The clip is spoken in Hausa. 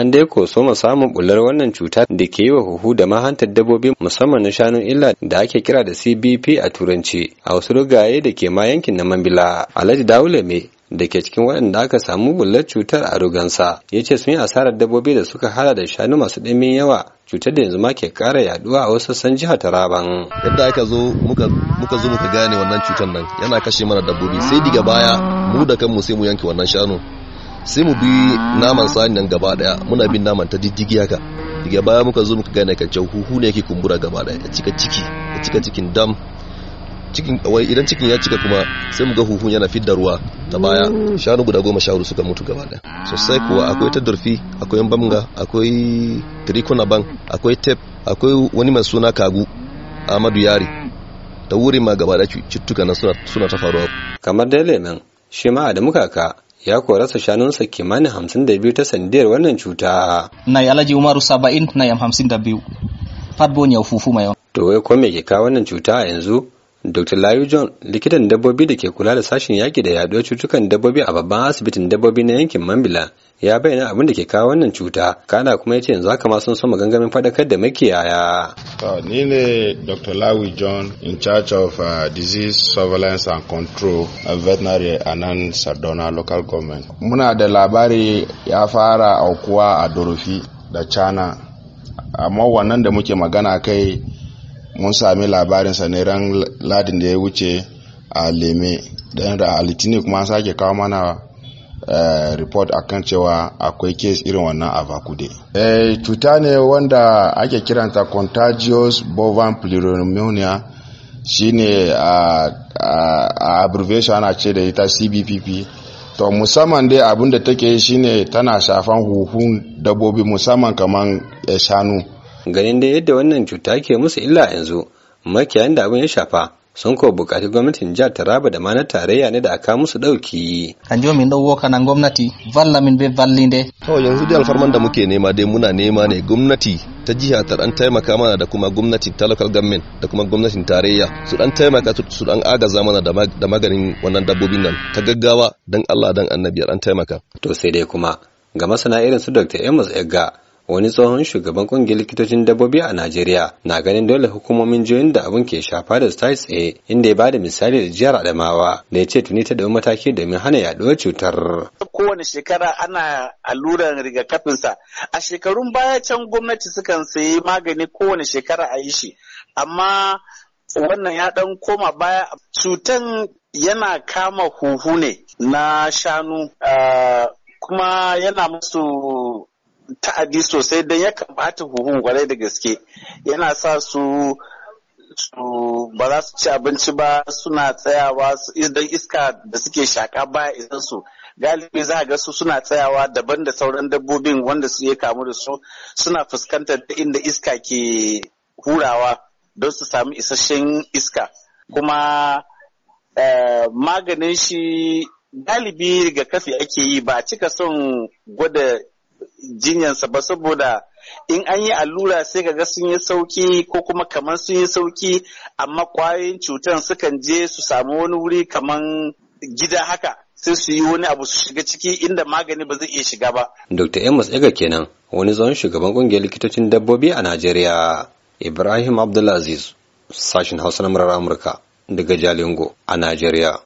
an dai ko so mu samun bular wannan cuta da ke yi wa huhu da mahantar hantar dabbobi musamman na shanun illa da ake kira da CBP a turanci a wasu rugaye da ke ma yankin na Mambila Alhaji Dawule me da ke cikin waɗanda aka samu bullar cutar a rugansa ya ce sun yi asarar dabbobi da suka hada da shanu masu ɗimin yawa cutar da yanzu ma ke ƙara yaduwa a wasu sassan jihar Taraban. Yadda aka zo muka zo muka gane wannan cutar nan yana kashe mana dabbobi sai diga baya mu da kanmu sai mu yanke wannan shanu sai mu bi naman sani nan gaba daya muna bin naman ta diddigi haka daga baya muka zo muka gane kancan huhu ne yake kumbura gaba daya ya cika ciki ya cika cikin dam cikin wai idan cikin ya cika kuma sai mu ga huhu yana fidda ruwa ta baya shanu guda goma sha hudu suka mutu gaba daya sosai kuwa akwai ta durfi akwai bamga akwai trikuna ban akwai tep akwai wani mai suna kagu amadu yari ta wurin ma gaba daya cuttuka na suna ta faruwa kamar dai lemin shi ma da mukaka ya korasa shanunsa kimanin hamsin da biyu ta sandiyar wannan cuta. Na yi alaji umaru saba'in na yam hamsin da biyu. Fatbo ne ya fufu mai To wai ko me ke kawo wannan cuta a yanzu? Dr. Layu John likitan dabbobi da ke kula da sashen yaƙi da yaduwar cutukan dabbobi a babban asibitin dabbobi na yankin Mambila ya bayyana abin da ke kawo wannan cuta kana kuma ya ce yanzu haka masu sun gangamin faɗakar da makiyaya. To ni ne Dr. Lawi John in charge of uh, disease surveillance and control a veterinary nan Sardona local government. Muna da labari ya fara aukuwa a Dorofi da Chana amma wannan da muke magana kai mun sami labarinsa ne ran ladin da ya wuce a leme dan da kuma an sake kawo mana ripot eh, report akan cewa akwai case irin wannan a vakude e, eh, cuta ne wanda ake kiranta contagious bovine pleuropneumonia shine a, a, abbreviation ana ce da ita cbpp to musamman dai abinda take shine tana shafan huhun dabbobi musamman kaman eh, shanu ganin da yadda wannan cuta ke musu illa yanzu makiyayin da abin ya shafa sun ko bukaci gwamnatin jihar Taraba da ma na tarayya ne da aka musu dauki. An jiwa min dauwo kana gwamnati valla min be vallinde. To yanzu dai alfarman da muke nema dai muna nema ne gwamnati ta jiha ta dan taimaka mana da kuma ta talakar gamin da kuma gwamnatin tarayya su dan taimaka su dan agaza mana da maganin wannan dabbobin nan ta gaggawa dan Allah dan annabi an taimaka. To sai dai kuma ga masana irin su Dr. Amos Egga wani tsohon shugaban kungiyar likitocin dabbobi a Najeriya na ganin dole hukumomin jiyoyin da abin ke shafa da su tsaye inda ya bada misali da jiyar Adamawa da ya ce tuni ta dauki mataki domin hana yaduwar cutar. Kowane shekara ana alluran rigakafinsa, A shekarun baya can gwamnati sukan sayi magani kowane shekara a yi shi. Amma wannan ya dan koma baya cutan yana kama huhu ne na shanu uh, kuma yana musu ta'adi sosai don yakan bata huhun kwarai da gaske yana sa su su ba za su ci abinci ba suna tsayawa idan iska da suke shaka baya isan su galibi za a ga su suna tsayawa daban da sauran dabbobin wanda su ya kamu da su suna fuskantar ta inda iska ke hurawa don su sami isasshen iska kuma eh, maganin shi galibi ga kafi ake yi ba cika son gwada jinyansa ba saboda in an yi allura sai ga sun yi sauki ko kuma kamar sun yi sauki amma kwayoyin cutar sukan je su samu wani wuri kamar gida haka sai su yi wani abu su shiga ciki inda magani ba zai iya shiga ba. Dr. Amos Ega kenan wani tsohon shugaban kungiyar likitocin dabbobi a Najeriya Ibrahim Abdulaziz sashin Hausa na Amurka daga Jalingo a Najeriya.